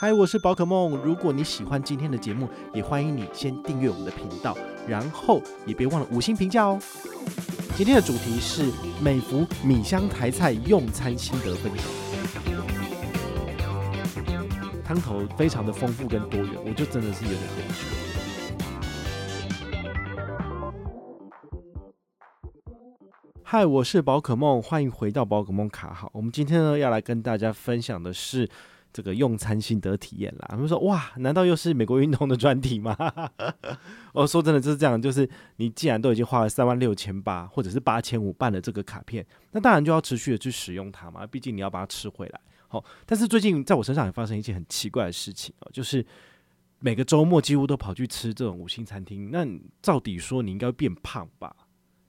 嗨，我是寶可孟。如果你喜歡今天的節目，也歡迎你先訂閱我們的頻道，然後也別忘了五星評價哦。今天的主題是美福米香台菜用餐心得分享，湯頭非常的豐富跟多元，我就真的是有點嗨。Hi, 我是寶可孟，歡迎回到寶可孟卡好。我們今天呢要來跟大家分享的是。這個用餐心得體驗啦，他們說，哇，難道又是美國運通的專題嗎？我、 哦、說真的就是這樣，就是你既然都已經花了三萬六千八或者是八千五辦了這個卡片，那當然就要持續的去使用它嘛，畢竟你要把它吃回來。好、哦，但是最近在我身上也發生一件很奇怪的事情哦，就是每個周末幾乎都跑去吃這種五星餐廳，那你照理說你應該會變胖吧？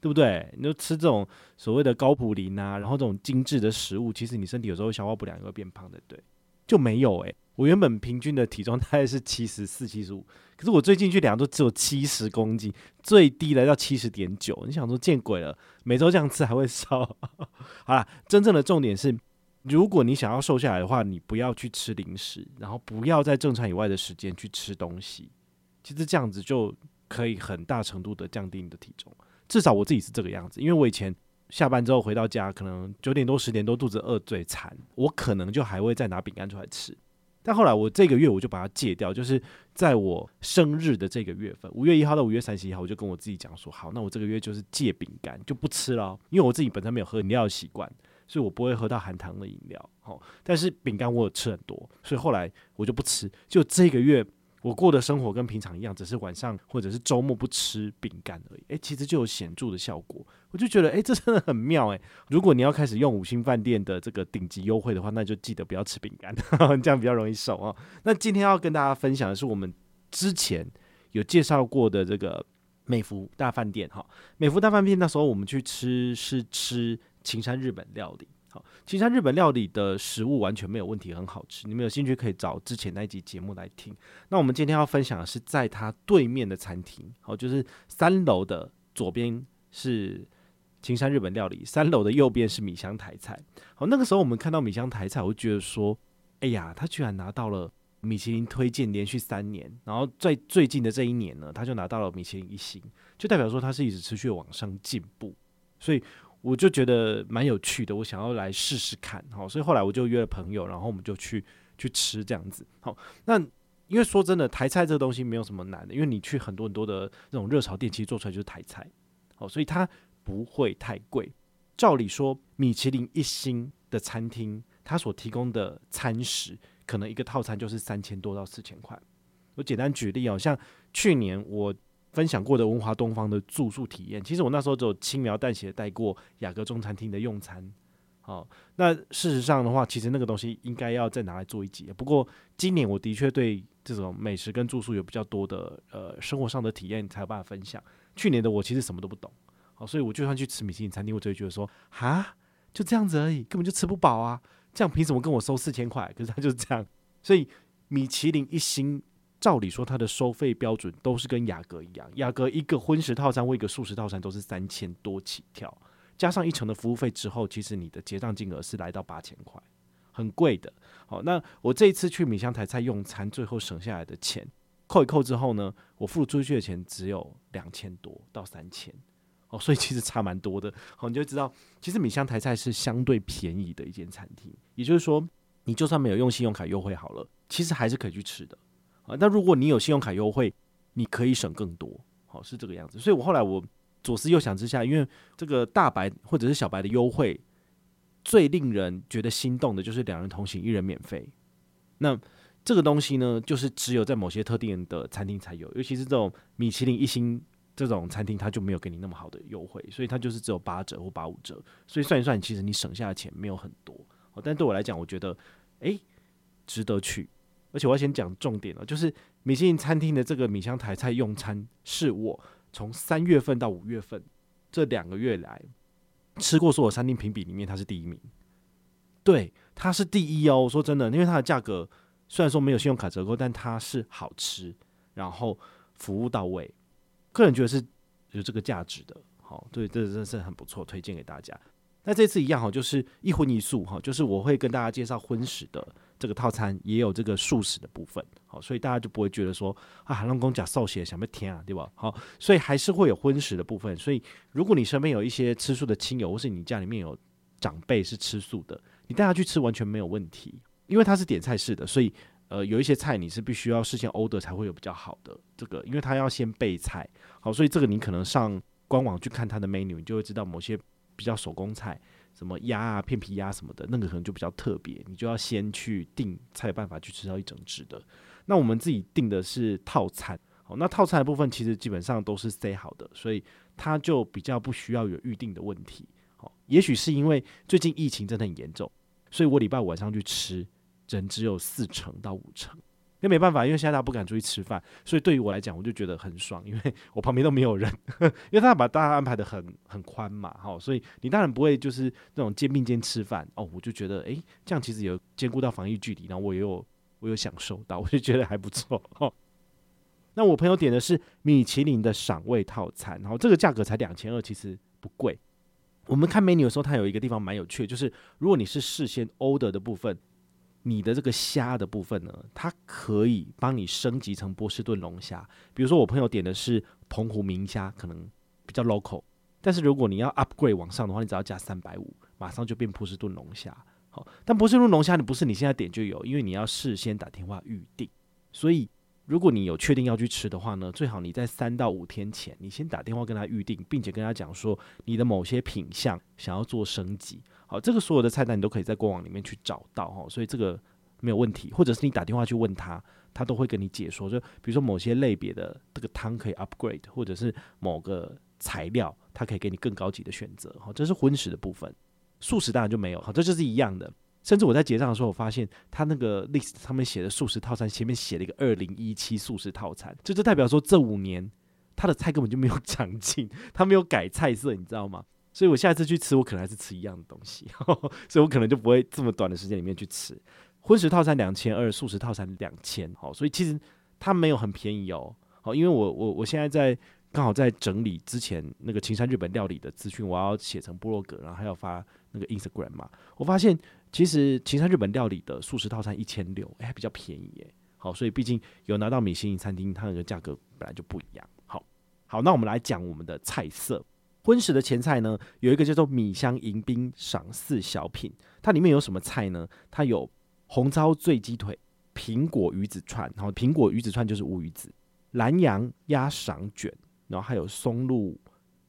對不對？你就吃這種所謂的高普林啊，然後這種精緻的食物，其實你身體有時候消化不良也會變胖的，對。就沒有誒、欸，我原本平均的體重大概是七十四、七十五，可是我最近去量都只有七十公斤，最低來到七十點九。你想說見鬼了？每周這樣吃還會瘦。 好了，真正的重點是，如果你想要瘦下來的話，你不要去吃零食，然後不要在正常以外的時間去吃東西。其實這樣子就可以很大程度的降低你的體重。至少我自己是這個樣子，因為我以前。下班之後回到家，可能九點多、十點多，肚子餓最慘。我可能就還會再拿餅乾出來吃。但後來我這個月我就把它戒掉，就是在我生日的這個月份，五月一號到五月三十一號，我就跟我自己講說：好，那我這個月就是戒餅乾，就不吃了喔。因為我自己本身沒有喝飲料的習慣，所以我不會喝到含糖的飲料。好，但是餅乾我有吃很多，所以後來我就不吃。就這個月。我過的生活跟平常一樣，只是晚上或者是周末不吃餅乾而已。誒，其實就有顯著的效果，我就覺得哎，這真的很妙哎。如果你要開始用五星飯店的這個頂級優惠的話，那就記得不要吃餅乾，呵呵這樣比較容易瘦啊，哦。那今天要跟大家分享的是我們之前有介紹過的這個美福大飯店哈，哦，美福大飯店那時候我們去吃是吃青山日本料理。好，青山日本料理的食物完全沒有問題，很好吃。你們有興趣可以找之前那一集節目來聽。那我們今天要分享的是在它對面的餐廳，好，就是三樓的左邊是青山日本料理，三樓的右邊是米香台菜。好，那個時候我們看到米香台菜，我會覺得說，哎呀，他居然拿到了米其林推薦，連續三年，然後在最近的這一年呢，他就拿到了米其林一星，就代表說他是一直持續往上進步，所以。我就覺得蠻有趣的，我想要來試試看，好、哦，所以後來我就約了朋友，然後我們就去去吃這樣子，好、哦，那因為說真的，台菜這個東西沒有什麼難的，因為你去很多很多的那種熱炒店，其實做出來就是台菜，好、哦，所以它不會太貴。照理說，米其林一星的餐廳，它所提供的餐食，可能一個套餐就是三千多到四千塊。我簡單舉例啊、哦，像去年我。分享過的文華東方的住宿體驗，其實我那時候只有輕描淡寫帶過雅閣中餐廳的用餐。好、哦，那事實上的話，其實那個東西應該要再拿來做一集。不過今年我的確對這種美食跟住宿有比較多的呃生活上的體驗，才有辦法分享。去年的我其實什麼都不懂，好、哦，所以我就算去吃米其林餐廳，我就會覺得說，哈，就這樣子而已，根本就吃不飽啊，這樣憑什麼跟我收四千塊？可是他就是這樣，所以米其林一星。照理說，它的收費標準都是跟雅閣一樣，雅閣一個葷食套餐或一個素食套餐都是三千多起跳，加上一成的服務費之後，其實你的結賬金額是來到八千塊，很貴的。好，那我這一次去米香台菜用餐，最後省下來的錢扣一扣之後呢，我付出去的錢只有兩千多到三千，哦，所以其實差蠻多的。好，你就知道，其實米香台菜是相對便宜的一間餐廳，也就是說，你就算沒有用信用卡優惠好了，其實還是可以去吃的。啊，那如果你有信用卡優惠，你可以省更多，好，是這個樣子。所以我後來我左思右想之下，因為這個大白或者是小白的優惠，最令人覺得心動的就是兩人同行一人免費。那這個東西呢，就是只有在某些特定的餐廳才有，尤其是這種米其林一星這種餐廳，它就沒有給你那麼好的優惠，所以它就是只有八折或八五折。所以算一算，其實你省下的錢沒有很多。好，但對我來講，我覺得哎，欸，值得去。而且我要先講重點了，就是米其林餐廳的這個米香台菜用餐，是我從三月份到五月份這兩個月來吃過所有餐廳評比裡面，它是第一名。對，它是第一哦。說真的，因為它的價格雖然說沒有信用卡折扣，但它是好吃，然後服務到位，個人覺得是有這個價值的。好，哦，對，這真的是很不錯，推薦給大家。那這次一樣哈，就是一葷一素哈，就是我會跟大家介紹葷食的這個套餐，也有這個素食的部分，好，所以大家就不會覺得說啊，讓公講素食，想不聽啊，對吧？好，所以還是會有葷食的部分。所以如果你身邊有一些吃素的親友，或是你家裡面有長輩是吃素的，你帶他去吃完全沒有問題，因為他是點菜式的，所以呃，有一些菜你是必須要事先 order 才會有比較好的這個，因為他要先備菜。好，所以這個你可能上官網去看他的 menu，你就會知道某些。比較手工菜，什麼鴨啊、片皮鴨什麼的，那個可能就比較特別，你就要先去訂才有辦法去吃到一整隻的。那我們自己訂的是套餐，好，那套餐的部分其實基本上都是 set 好的，所以它就比較不需要有預定的問題。也許是因為最近疫情真的很嚴重，所以我禮拜五晚上去吃，人只有四成到五成。那沒辦法，因為現在大家不敢出去吃飯，所以對於我來講，我就覺得很爽，因為我旁邊都沒有人，因為他把大家安排得很很寬嘛，哈，所以你當然不會就是那種肩並肩吃飯哦、喔，我就覺得，誒、欸，這樣其實有兼顧到防疫距離，然後我也有我有享受到，我就覺得還不錯哈。那我朋友點的是米其林的賞味套餐，然後這個價格才兩千二，其實不貴。我們看 menu 的時候，它有一個地方蠻有趣的，就是如果你是事先 order 的部分。你的這個蝦的部分呢，它可以幫你升級成波士頓龍蝦。比如說，我朋友點的是澎湖明蝦，可能比較 local，但是如果你要 upgrade 往上的話，你只要加三百五，馬上就變波士頓龍蝦。好，但波士頓龍蝦你不是你現在點就有，因為你要事先打電話預定，所以。如果你有確定要去吃的話呢，最好你在三到五天前，你先打電話跟他預定，並且跟他講說你的某些品項想要做升級。好，這個所有的菜單你都可以在官網裡面去找到哈，所以這個沒有問題。或者是你打電話去問他，他都會跟你解說，就比如說某些類別的這個湯可以 upgrade，或者是某個材料他可以給你更高級的選擇哈。這是葷食的部分，素食當然就沒有哈，這就是一樣的。甚至我在結賬的時候，我發現他那個 list 上面寫的素食套餐前面寫了一個“二零一七素食套餐”，這就，就代表說這五年他的菜根本就沒有長進，他沒有改菜色，你知道嗎？所以我下次去吃，我可能還是吃一樣的東西，呵呵所以我可能就不會這麼短的時間裡面去吃。葷食套餐兩千二，素食套餐兩千，哦，所以其實它沒有很便宜哦。好、哦，因為我我我現在在剛好在整理之前那個青山日本料理的資訊，我要寫成部落格，然後還要發。那個 Instagram 嘛，我發現其實其他日本料理的素食套餐一千六，哎，還比較便宜耶。好，所以畢竟有拿到米其林餐廳，它那個價格本來就不一樣。好，好，那我們來講我們的菜色。葷食的前菜呢，有一個叫做米香迎賓賞四小品，它裡面有什麼菜呢？它有紅糟醉雞腿、蘋果魚子串，然後蘋果魚子串就是烏魚子、蘭陽鴨賞卷，然後還有松露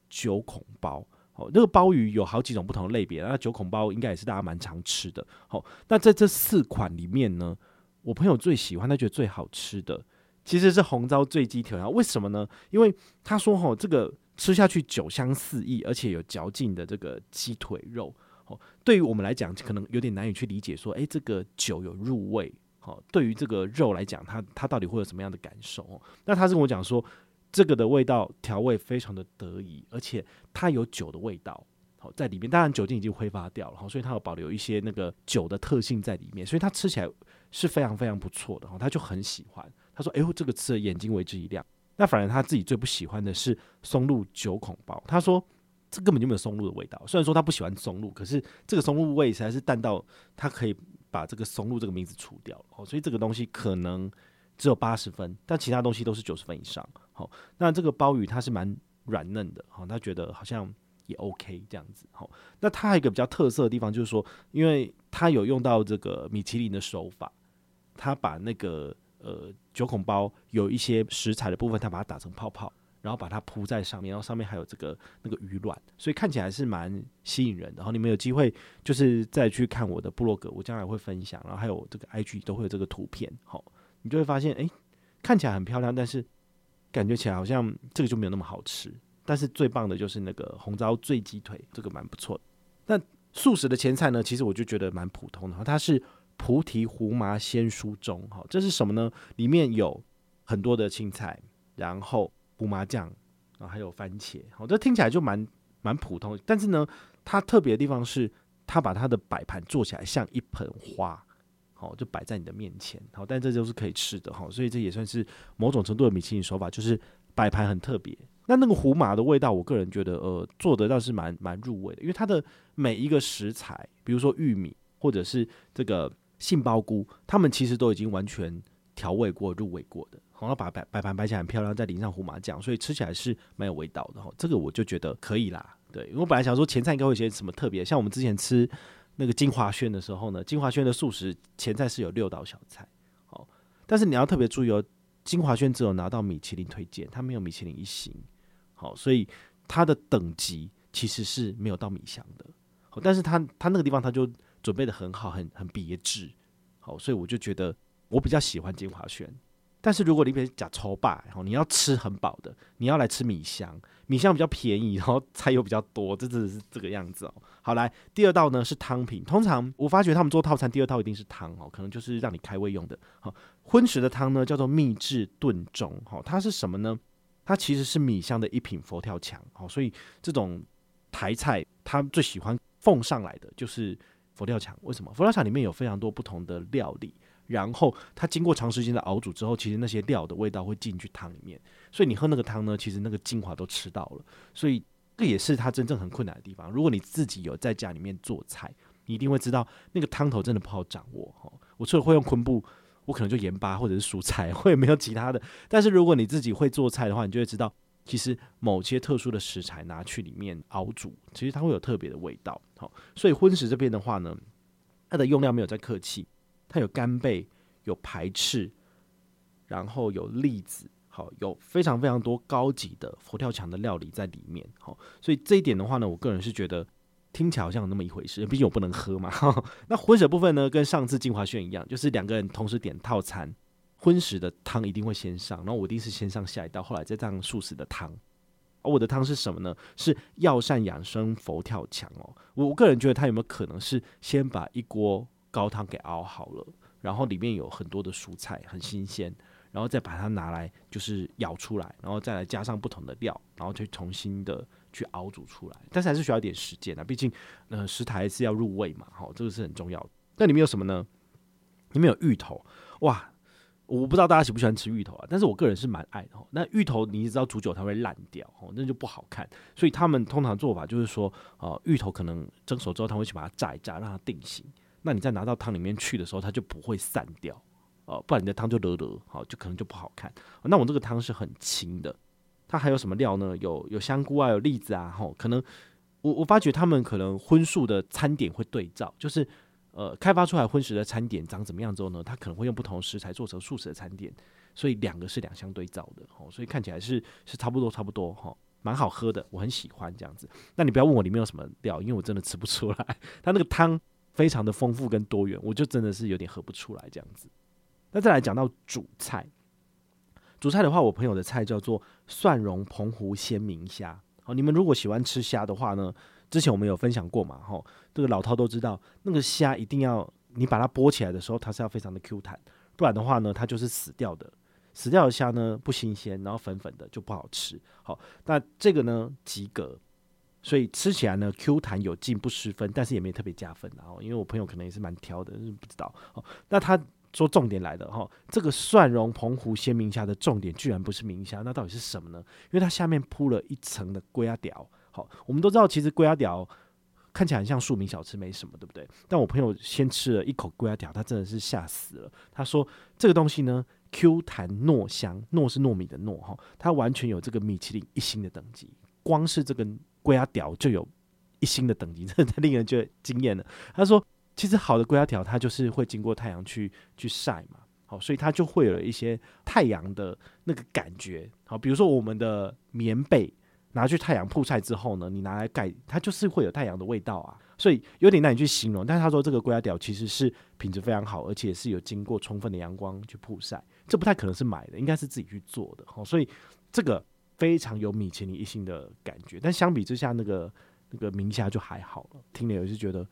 九孔包。哦、那個鮑魚有好幾種不同的類別，那、啊、九孔鮑應該也是大家蠻常吃的。好、哦，那在這四款裡面呢，我朋友最喜歡，他覺得最好吃的其實是紅糟醉雞腿肉。為什麼呢？因為他說，吼、哦，這個吃下去酒香四溢，而且有嚼勁的這個雞腿肉。哦，對於我們來講，可能有點難以去理解，說，誒、欸，這個酒有入味，哦，對於這個肉來講，它它到底會有什麼樣的感受？哦、那他是跟我講說。這個的味道調味非常的得宜，而且它有酒的味道，好在裡面，當然酒精已經揮發掉了，好，所以它有保留一些那個酒的特性在裡面，所以它吃起來是非常非常不錯的，好，他就很喜歡。他說：“誒、欸，這個吃眼睛為之一亮。”那反而他自己最不喜歡的是松露九孔包，他說這根本就沒有松露的味道。雖然說他不喜歡松露，可是這個松露味實在是淡到他可以把這個松露這個名字除掉，好，所以這個東西可能只有八十分，但其他東西都是九十分以上。那這個鮑魚它是蠻軟嫩的哈，他覺得好像也 OK 這樣子。好，那它還有一個比較特色的地方，就是說，因為它有用到這個米其林的手法，它把那個呃九孔鮑，有一些食材的部分，它把它打成泡泡，然後把它鋪在上面，然後上面還有這個那個魚卵，所以看起來是蠻吸引人的。然後你們有機會就是再去看我的部落格，我將來會分享，然後還有這個 IG 都會有這個圖片，好，你就會發現，哎、欸，看起來很漂亮，但是。感覺起來好像這個就沒有那麼好吃，但是最棒的就是那個紅糟醉雞腿，這個蠻不錯。但素食的前菜呢，其實我就覺得蠻普通的。它是菩提胡麻鮮蔬盅，這是什麼呢？裡面有很多的青菜，然後胡麻醬，然後還有番茄，好，這聽起來就蠻蠻普通。但是呢，它特別的地方是，它把它的擺盤做起來像一盆花。哦，就擺在你的面前，好、哦，但這都是可以吃的哈、哦，所以這也算是某種程度的米其林手法，就是擺盤很特別。那那個胡麻的味道，我個人覺得，呃，做得倒是蠻蠻入味的，因為它的每一個食材，比如說玉米或者是這個杏鮑菇，它們其實都已經完全調味過、入味過的，然、哦、後把擺擺盤擺起來很漂亮，再淋上胡麻醬，所以吃起來是蠻有味道的哈、哦。這個我就覺得可以啦，對。我本來想說前菜應該會有些什麼特別，像我們之前吃。那個晶華軒的時候呢，晶華軒的素食前菜是有六道小菜，好、哦，但是你要特別注意哦，晶華軒只有拿到米其林推薦，它沒有米其林一星，好、哦，所以它的等級其實是沒有到米香的，好、哦，但是它它那個地方它就準備得很好，很很別緻，好、哦，所以我就覺得我比較喜歡晶華軒，但是如果你比如講粗飽，然後哦，你要吃很飽的，你要來吃米香，米香比較便宜，然後菜又比較多，這真的是這個樣子哦。好，來第二道呢是湯品。通常我發覺他們做套餐，第二套一定是湯哦，可能就是讓你開胃用的。好、哦，葷食的湯呢叫做秘製燉盅。好、哦，它是什麼呢？它其實是米香的一品佛跳牆。好、哦，所以這種台菜他最喜歡奉上來的就是佛跳牆。為什麼？佛跳牆裡面有非常多不同的料理，然後它經過長時間的熬煮之後，其實那些料的味道會進去湯裡面，所以你喝那個湯呢，其實那個精華都吃到了。所以這個、也是他真正很困難的地方。如果你自己有在家裡面做菜，你一定會知道那個湯頭真的不好掌握。我除了會用昆布，我可能就鹽巴或者是蔬菜，也沒有其他的。但是如果你自己會做菜的話，你就會知道，其實某些特殊的食材拿去裡面熬煮，其實它會有特別的味道。好，所以葷食這邊的話呢，它的用量沒有在客氣，它有干貝，有排翅，然後有栗子。好，有非常非常多高級的佛跳牆的料理在裡面，好、哦，所以這一點的話呢，我個人是覺得聽起來好像有那麼一回事，畢竟我不能喝嘛。哦、那葷食部分呢，跟上次晶華軒一樣，就是兩個人同時點套餐，葷食的湯一定會先上，然後我一定是先上下一道，後來再上素食的湯。而、哦、我的湯是什麼呢？是藥膳養生佛跳牆哦。我個人覺得它有沒有可能是先把一鍋高湯給熬好了，然後裡面有很多的蔬菜，很新鮮。然後再把它拿來，就是舀出來，然後再來加上不同的料，然後去重新的去熬煮出來。但是還是需要一點時間啊，畢竟，呃，食材是要入味嘛，吼，這個是很重要的。那裡面有什麼呢？裡面有芋頭，哇，我不知道大家喜不喜歡吃芋頭啊，但是我個人是蠻愛的。那芋頭你只知道煮久它會爛掉，哦，那就不好看。所以他們通常做法就是說，呃，芋頭可能蒸熟之後，他會去把它炸一炸，讓它定型。那你再拿到湯裡面去的時候，它就不會散掉。哦，不然你的湯就惹惹，好，就可能就不好看。那我這個湯是很清的，它還有什麼料呢？有有香菇啊，有栗子啊，吼。可能我我發覺他們可能葷素的餐點會對照，就是呃，開發出來葷食的餐點長怎麼樣之後呢，它可能會用不同食材做成素食的餐點，所以兩個是兩相對照的，哦，所以看起來是是差不多差不多哈，蠻好喝的，我很喜歡這樣子。那你不要問我裡面有什麼料，因為我真的吃不出來，它那個湯非常的豐富跟多元，我就真的是有點喝不出來這樣子。那再來講到主菜，主菜的話，我朋友的菜叫做蒜蓉澎湖鮮明蝦。好，你們如果喜歡吃蝦的話呢，之前我們有分享過嘛，哈，這個老饕都知道，那個蝦一定要你把它剝起來的時候，它是要非常的 Q 彈，不然的話呢，它就是死掉的，死掉的蝦呢不新鮮，然後粉粉的就不好吃。好，那這個呢及格，所以吃起來呢 Q 彈有勁不失分，但是也沒特別加分。然後，因為我朋友可能也是蠻挑的，是不知道。好，那他。說重點來的哈、哦，這個蒜蓉澎湖鮮明蝦的重點居然不是明蝦，那到底是什麼呢？因為它下面鋪了一層的粿仔條。好、哦，我們都知道其實粿仔條看起來很像庶民小吃，沒什麼，對不對？但我朋友先吃了一口粿仔條，他真的是嚇死了。他說這個東西呢，Q 彈糯香，糯是糯米的糯哈、哦，它完全有這個米其林一星的等級。光是這個粿仔條就有一星的等級，真的太令人覺得驚豔了。他說。其實好的龜膠條，它就是會經過太陽去去曬嘛，好、哦，所以它就會有一些太陽的那個感覺。好、哦，比如說我們的棉被拿去太陽曝曬之後呢，你拿來蓋，它就是會有太陽的味道啊。所以有點難以去形容。但是他說這個龜膠條其實是品質非常好，而且是有經過充分的陽光去曝曬，這不太可能是買的，應該是自己去做的。好、哦，所以這個非常有米其林一星的感覺。但相比之下，那個那個明蝦就還好了。聽了有些覺得。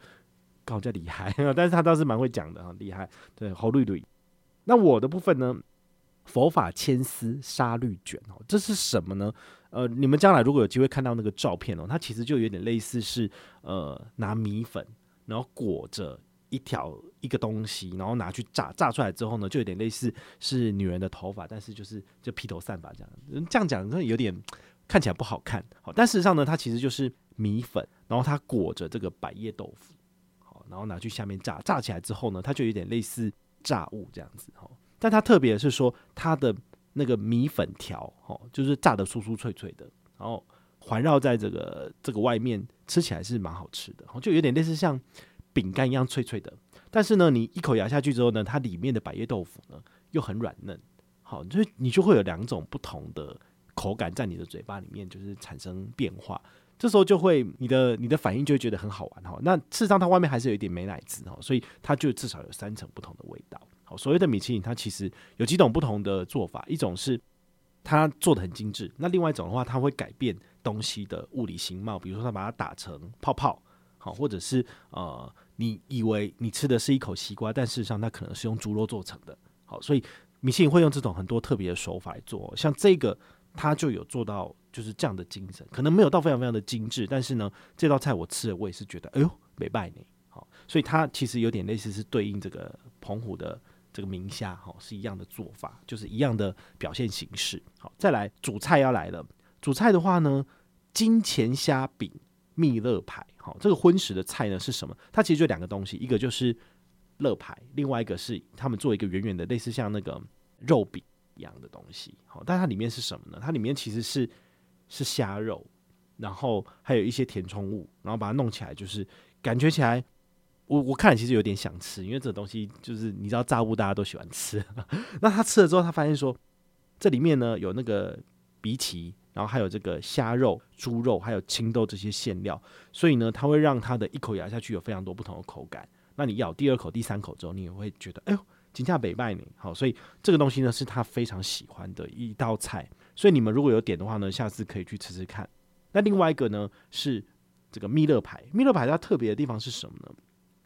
好，像厲害，但是他倒是蠻會講的，很厲害。對，侯綠綠。那我的部分呢？佛法千絲沙律卷哦，這是什麼呢？呃，你們將來如果有機會看到那個照片哦，它其實就有點類似是呃拿米粉，然後裹着一條一個東西，然後拿去炸，炸出來之後呢，就有點類似是女人的頭髮，但是就是就披頭散髮這樣。這樣講可能有點看起來不好看，但事實上呢，它其實就是米粉，然後它裹着這個百葉豆腐。然後拿去下面炸，炸起來之後呢，它就有點類似炸物這樣子，但它特別的是說，它的那個米粉條，就是炸得酥酥脆脆的，然後環繞在這個這個外面，吃起來是蠻好吃的，就有點類似像餅乾一樣脆脆的。但是呢，你一口咬下去之後呢，它裡面的百葉豆腐呢又很軟嫩，好，就你就會有兩種不同的口感在你的嘴巴裡面，就是產生變化。這時候就會你的你的反應就會覺得很好玩哈、哦，那事實上它外面還是有一點美乃滋。哈，所以它就至少有三層不同的味道。好，所謂的米其林它其實有幾種不同的做法，一種是它做的很精緻，那另外一種的話，它會改變東西的物理形貌，比如說它把它打成泡泡，好，或者是呃你以為你吃的是一口西瓜，但事實上它可能是用豬肉做成的。好，所以米其林會用這種很多特別的手法來做、哦，像這個它就有做到。就是這樣的精神，可能沒有到非常非常的精致，但是呢，這道菜我吃了，我也是覺得，哎呦，沒拜你，好，所以它其實有點類似是對應這個澎湖的這個名蝦，好，是一樣的做法，就是一樣的表現形式，好，再來主菜要來了，主菜的話呢，金錢蝦餅蜜樂排，好，這個葷食的菜呢是什麼？它其實就兩個東西，一個就是樂排，另外一個是他們做一個圓圓的類似像那個肉餅一樣的東西，好，但它裡面是什麼呢？它裡面其實是。是蝦肉，然後還有一些填充物，然後把它弄起來，就是感覺起來，我我看其實有點想吃，因為這個東西就是你知道炸物大家都喜歡吃，呵呵，那他吃了之後，他發現說這裡面呢有那個荸薺，然後還有這個蝦肉、豬肉，還有青豆這些餡料，所以呢，它會讓它的一口咬下去有非常多不同的口感。那你咬第二口、第三口之後，你也會覺得，哎呦，金家北賣你好，所以這個東西呢是他非常喜歡的一道菜。所以你們如果有點的話呢，下次可以去吃吃看。那另外一個呢，是這個蜜樂牌，蜜樂牌它特別的地方是什麼呢？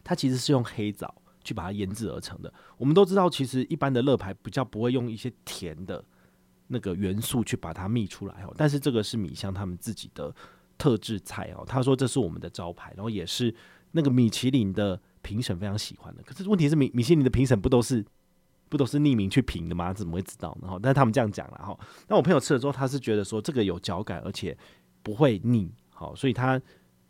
它其實是用黑棗去把它醃制而成的。我們都知道，其實一般的樂牌比較不會用一些甜的那個元素去把它蜜出來哦。但是這個是米香他們自己的特制菜哦，他說這是我們的招牌，然後也是那個米其林的評審非常喜歡的。可是問題是米米其林的評審不都是？不都是匿名去評的嗎？怎麼會知道呢？哈，但是他們這樣講了哈。那我朋友吃了之後，他是覺得說這個有嚼感，而且不會膩，好，所以他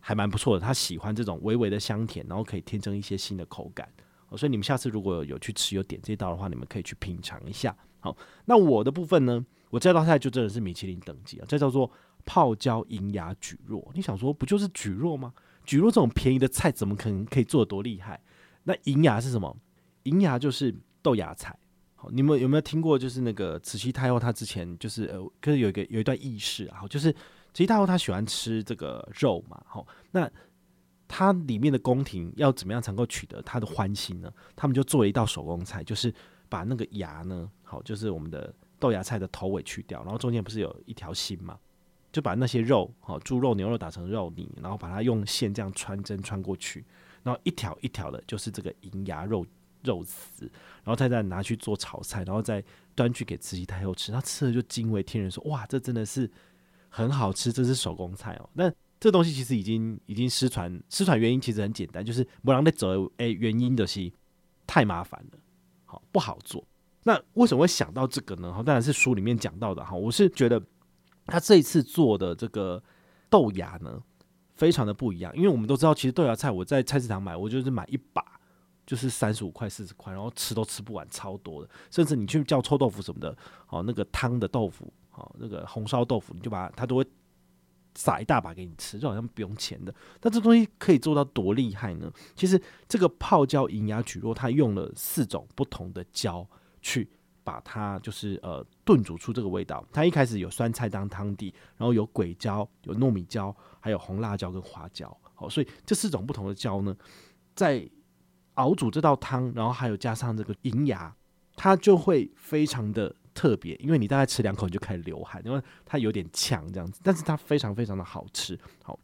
還蠻不錯的。他喜歡這種微微的香甜，然後可以添增一些新的口感。所以你們下次如果有，有去吃，有點這一道的話，你們可以去品嘗一下。好，那我的部分呢？我這道菜就真的是米其林等級啊！這叫做泡椒銀芽蒟蒻，你想說不就是蒟蒻嗎？蒟蒻這種便宜的菜，怎麼可能可以做得多厲害？那銀芽是什麼？銀芽就是。豆芽菜，好，你們有沒有聽過？就是那個慈禧太後，她之前就是、呃，可是有一個有一段軼事啊，好，就是慈禧太后她喜歡吃這個肉嘛，好，那她裡面的宮廷要怎麼樣才能夠取得她的歡心呢？他們就做了一道手工菜，就是把那個芽呢，好，就是我們的豆芽菜的頭尾去掉，然後中間不是有一條芯嘛，就把那些肉，好，豬肉牛肉，打成肉泥，然後把它用線這樣穿針穿過去，然後一條一條的，就是這個銀芽肉。肉絲，然後他再拿去做炒菜，然後再端去給慈禧太后吃。他吃了就驚為天人，說：“哇，這真的是很好吃，這是手工菜哦。”那這東西其實已經已經失傳，失傳原因其實很簡單，就是不讓再走。哎，原因的是太麻煩了，好不好做？那為什麼會想到這個呢？哈，當然是書裡面講到的哈。我是覺得他這一次做的這個豆芽呢，非常的不一樣，因為我們都知道，其實豆芽菜我在菜市場買，我就是買一把。就是三十五塊四十塊，然後吃都吃不完，超多的。甚至你去叫臭豆腐什麼的，哦，那個湯的豆腐，哦，那個紅燒豆腐，你就把它，它都會撒一大把給你吃，就好像不用錢的。那這東西可以做到多厲害呢？其實這個泡椒銀芽脊肉，它用了四種不同的椒去把它，就是呃燉煮出這個味道。它一開始有酸菜當湯底，然後有鬼椒、有糯米椒、還有紅辣椒跟花椒。好，所以這四種不同的椒呢，在熬煮這道湯，然後還有加上這個銀芽，它就會非常的特別，因為你大概吃兩口你就開始流汗，因為它有點嗆這樣子，但是它非常非常的好吃。好，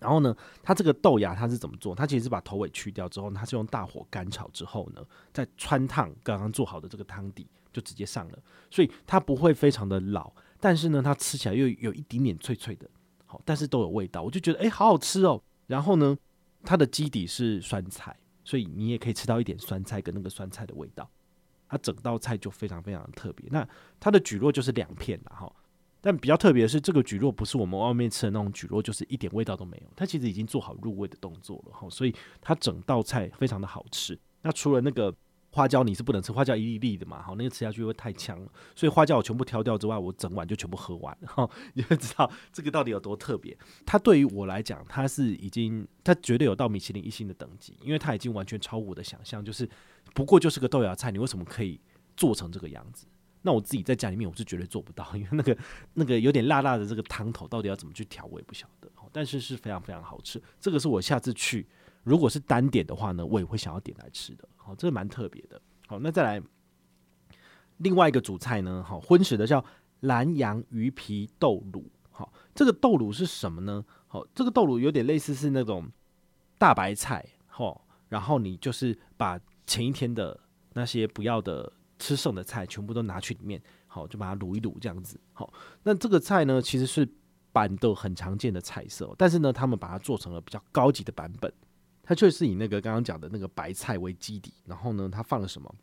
然後呢，它這個豆芽它是怎麼做？它其實是把頭尾去掉之後，它是用大火乾炒之後呢，再汆燙剛剛做好的這個湯底，就直接上了，所以它不會非常的老，但是呢，它吃起來又有一點點脆脆的，好，但是都有味道，我就覺得哎、欸，好好吃哦、喔。然後呢，它的基底是酸菜。所以你也可以吃到一點酸菜跟那個酸菜的味道，它整道菜就非常非常的特別。那它的蒟蒻就是兩片的哈，但比較特別的是，這個蒟蒻不是我們外面吃的那種蒟蒻，就是一點味道都沒有。它其實已經做好入味的動作了哈，所以它整道菜非常的好吃。那除了那個。花椒你是不能吃，花椒一粒粒的嘛，好，那個吃下去會太嗆了。所以花椒我全部挑掉之外，我整碗就全部喝完，哈、哦，你會知道這個到底有多特別。它對於我來講，它是已經它絕對有到米其林一星的等級，因為它已經完全超乎我的想象。就是不過就是個豆芽菜，你為什麼可以做成這個樣子？那我自己在家裡面我是絕對做不到，因為那個那個有點辣辣的這個湯頭到底要怎麼去調，我也不曉得、哦。但是是非常非常好吃，這個是我下次去。如果是單點的話呢，我也會想要點來吃的。好，這個蠻特別的。好，那再來另外一個主菜呢？好，葷食的叫蘭陽魚皮豆滷。好，這個豆滷是什麼呢？好，這個豆滷有點類似是那種大白菜。好，然後你就是把前一天的那些不要的吃剩的菜全部都拿去裡面，好，就把它滷一滷這樣子。好，那這個菜呢，其實是板豆很常見的菜色，但是呢，他們把它做成了比較高級的版本。它卻是以那個剛剛講的那個白菜為基底，然後呢，它放了什麼？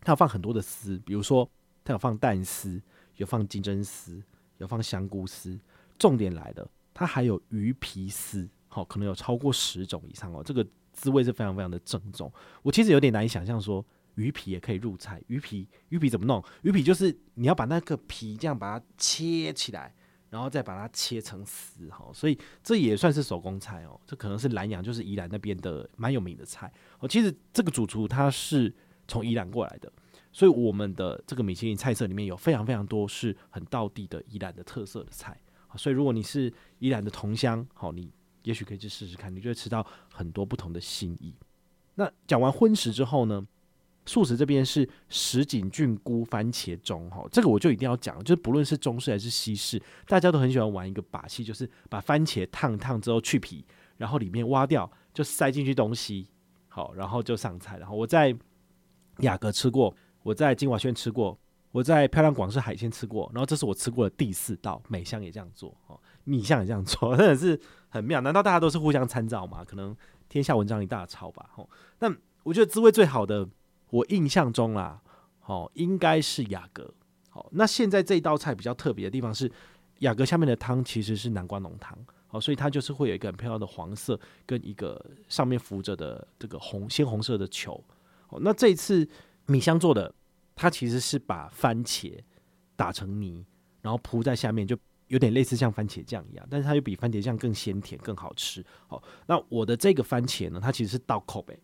它有放很多的絲，比如說它有放蛋絲，有放金針絲，有放香菇絲，重點來了，它還有魚皮絲，好、哦，可能有超過十種以上哦，這個滋味是非常非常的正宗。我其實有點難以想象說魚皮也可以入菜，魚皮魚皮怎麼弄？魚皮就是你要把那個皮這樣把它切起來。然後再把它切成絲哈，所以這也算是手工菜哦。這可能是南洋，就是宜蘭那邊的蠻有名的菜。其實這個主廚他是從宜蘭過來的，所以我們的這個米其林菜色裡面有非常非常多是很道地的宜蘭的特色的菜。所以如果你是宜蘭的同鄉，好，你也許可以去試試看，你就會吃到很多不同的新意。那講完葷食之後呢？素食這邊是什錦菌菇番茄盅哈，這個我就一定要講，就是不論是中式還是西式，大家都很喜歡玩一個把戲，就是把番茄燙燙之後去皮，然後裡面挖掉，就塞進去東西，好，然後就上菜。然後我在雅閣吃過，我在金華軒吃過，我在漂亮廣式海鮮吃過，然後這是我吃過的第四道，美香也這樣做，哦，米香也這樣做，真的是很妙。難道大家都是互相參照嗎？可能天下文章一大抄吧，哈。但我覺得滋味最好的。我印象中啦、啊，哦，應該是雅閣。好、哦，那現在這道菜比較特別的地方是，雅閣下面的湯其實是南瓜濃湯。好、哦，所以它就是會有一個很漂亮的黃色，跟一個上面浮着的這個紅鮮紅色的球、哦。那這一次米香做的，它其實是把番茄打成泥，然後鋪在下面，就有點類似像番茄醬一樣，但是它又比番茄醬更鮮甜，更好吃。好、哦，那我的這個番茄呢，它其實是倒扣唄。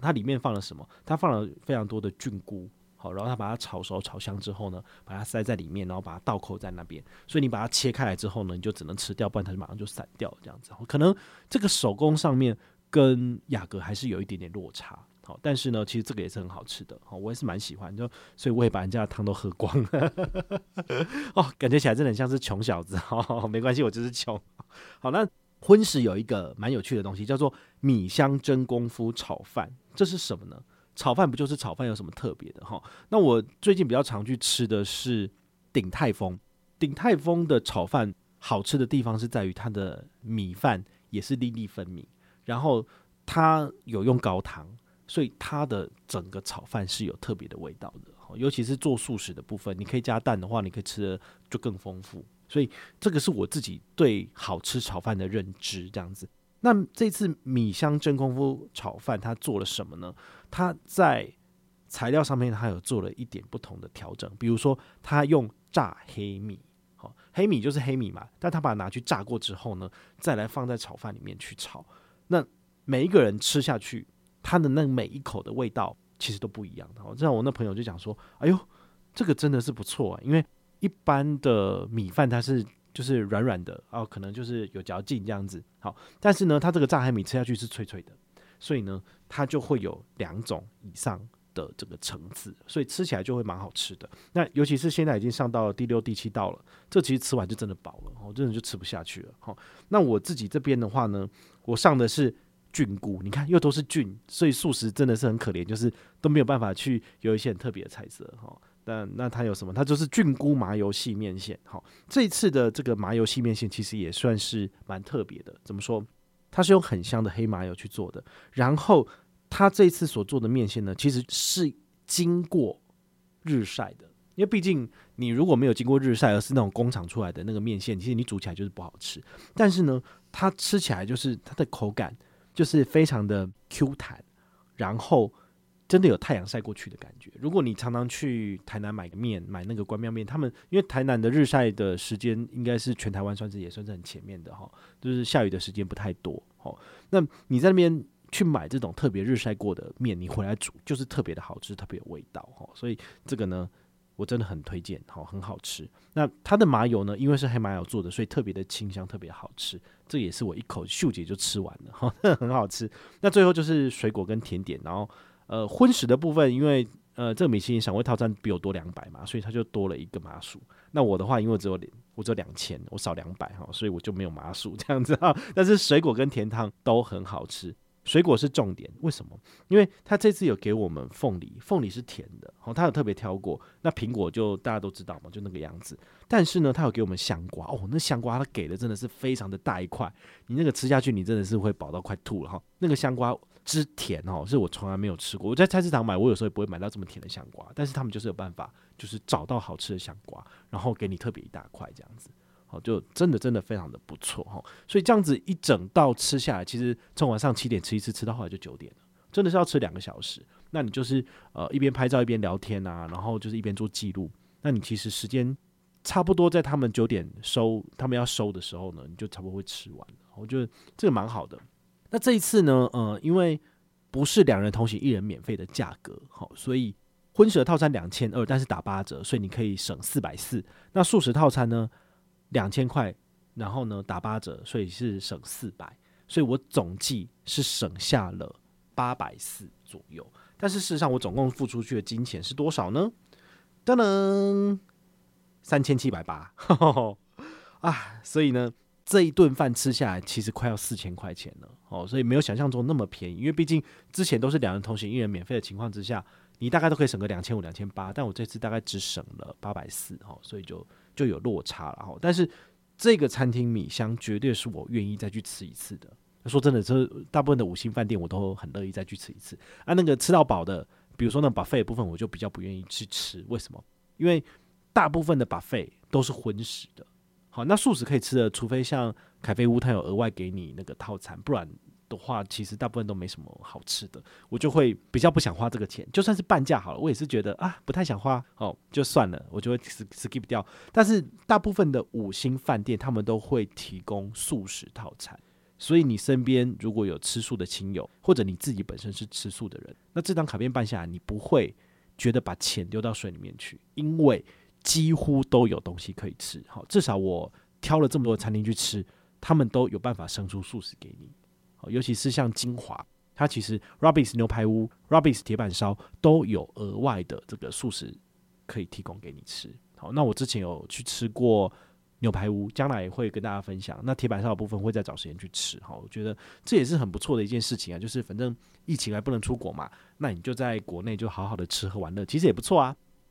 它裡面放了什麼？它放了非常多的菌菇，好，然後它把它炒熟炒香之後呢，把它塞在裡面，然後把它倒扣在那邊。所以你把它切開來之後呢，你就只能吃掉，不然它就馬上就散掉了這樣子。可能這個手工上面跟雅閣還是有一點點落差，好，但是呢，其實這個也是很好吃的，好，我也是蠻喜歡，就所以我也把人家的湯都喝光了， 哦，感覺起來真的很像是窮小子，哦，沒關係，我就是窮。好，那。葷食有一個蠻有趣的東西，叫做米香蒸功夫炒飯。這是什麼呢？炒飯不就是炒飯？有什麼特別的哈？那我最近比較常去吃的是鼎泰豐。鼎泰豐的炒飯好吃的地方是在於它的米飯也是粒粒分明，然後它有用高湯。所以它的整個炒飯是有特別的味道的。尤其是做素食的部分，你可以加蛋的話，你可以吃的就更豐富。所以這個是我自己對好吃炒飯的認知，這樣子。那這次米香真功夫炒飯，他做了什麼呢？他在材料上面，他有做了一點不同的調整，比如說他用炸黑米，好，黑米就是黑米嘛，但他把它拿去炸過之後呢，再來放在炒飯裡面去炒。那每一個人吃下去，他的那每一口的味道其實都不一樣的。我像我那朋友就講說：“哎呦，這個真的是不錯啊，因為。”一般的米飯它是就是軟軟的，哦，可能就是有嚼勁這樣子，好，但是呢，它這個炸黑米吃下去是脆脆的，所以呢，它就會有兩種以上的這個層次，所以吃起來就會蠻好吃的。那尤其是現在已經上到第六、第七道了，這其實吃完就真的飽了，我、哦、真的就吃不下去了。好、哦，那我自己這邊的話呢，我上的是菌菇，你看又都是菌，所以素食真的是很可憐，就是都沒有辦法去有一些很特別的菜色，哈、哦。但那它有什麼？它就是菌菇麻油細麵線。好，這次的這個麻油細麵線其實也算是蠻特別的。怎麼說？它是用很香的黑麻油去做的，然後它這次所做的麵線呢，其實是經過日曬的。因為畢竟你如果沒有經過日晒，而是那種工廠出來的那個麵線，其實你煮起來就是不好吃。但是呢，它吃起來就是它的口感就是非常的 Q 彈，然後。真的有太陽曬過去的感覺。如果你常常去台南買個麵，買那個關廟麵，他們因為台南的日曬的時間應該是全台灣算是也算是很前面的哈，就是下雨的時間不太多。那你在那邊去買這種特別日曬過的麵，你回來煮就是特別的好吃，特別有味道。哈，所以這個呢，我真的很推薦。好，很好吃。那它的麻油呢，因為是黑麻油做的，所以特別的清香，特別好吃。這也是我一口秀姐就吃完了。哈，很好吃。那最後就是水果跟甜點，然後。呃，葷食的部分，因為呃，這個米其林賞味套餐比我多兩百嘛，所以他就多了一個麻薯。那我的話，因為只有我只有兩千，我, 2000, 我少兩百哈，所以我就沒有麻薯這樣子哈、哦。但是水果跟甜湯都很好吃，水果是重點。為什麼？因為他這次有給我們鳳梨，鳳梨是甜的，哦，它他有特別挑過。那蘋果就大家都知道嘛，就那個樣子。但是呢，他有給我們香瓜哦，那香瓜他給的真的是非常的大一塊，你那個吃下去，你真的是會飽到快吐了哈、哦。那個香瓜，之甜哦，是我從來沒有吃過。我在菜市場買，我有時候也不會買到這麼甜的香瓜。但是他們就是有辦法，就是找到好吃的香瓜，然後給你特別一大塊這樣子，好、哦，就真的真的非常的不錯哈、哦。所以這樣子一整道吃下來，其實從晚上七點吃一次，吃到後來就九點了，真的是要吃兩個小時。那你就是呃一邊拍照一邊聊天啊，然後就是一邊做記錄。那你其實時間差不多在他們九點收，他們要收的時候呢，你就差不多會吃完、哦。我覺得這個蠻好的。那這一次呢，呃，因為不是兩人同行一人免費的價格，好，所以葷食套餐兩千二，但是打八折，所以你可以省四百四。那素食套餐呢，兩千塊，然後呢打八折，所以是省四百，所以我總計是省下了八百四左右。但是事實上，我總共付出去的金錢是多少呢？噔噔，三千七百八，哈哈，啊，所以呢？這一頓飯吃下來，其實快要四千塊錢了哦，所以沒有想象中那麼便宜。因為畢竟之前都是兩人同行，一人免費的情況之下，你大概都可以省個兩千五、兩千八。但我這次大概只省了八百四哦，所以就就有落差了哦。但是這個餐廳米香絕對是我願意再去吃一次的。說真的，這大部分的五星飯店，我都很樂意再去吃一次。啊，那個吃到飽的，比如說那 buffet 的部分，我就比較不願意去吃。為什麼？因為大部分的 buffet 都是葷食的。好，那素食可以吃的，除非像凱菲屋，它有額外給你那個套餐，不然的話，其實大部分都沒什麼好吃的，我就會比較不想花這個錢。就算是半價好了，我也是覺得啊，不太想花，哦，就算了，我就會 skip 掉。但是大部分的五星飯店，他們都會提供素食套餐，所以你身邊如果有吃素的親友，或者你自己本身是吃素的人，那這張卡片辦下來，你不會覺得把錢丟到水裡面去，因為，幾乎都有東西可以吃，好，至少我挑了這麼多餐廳去吃，他們都有辦法生出素食給你。好，尤其是像晶華，它其實 Robin's 牛排屋、Robin's 鐵板燒都有額外的這個素食可以提供給你吃。好，那我之前有去吃過牛排屋，將來也會跟大家分享。那鐵板燒的部分會再找時間去吃。好，我覺得這也是很不錯的一件事情啊。就是反正疫情還不能出國嘛，那你就在國內就好好的吃喝玩樂，其實也不錯啊。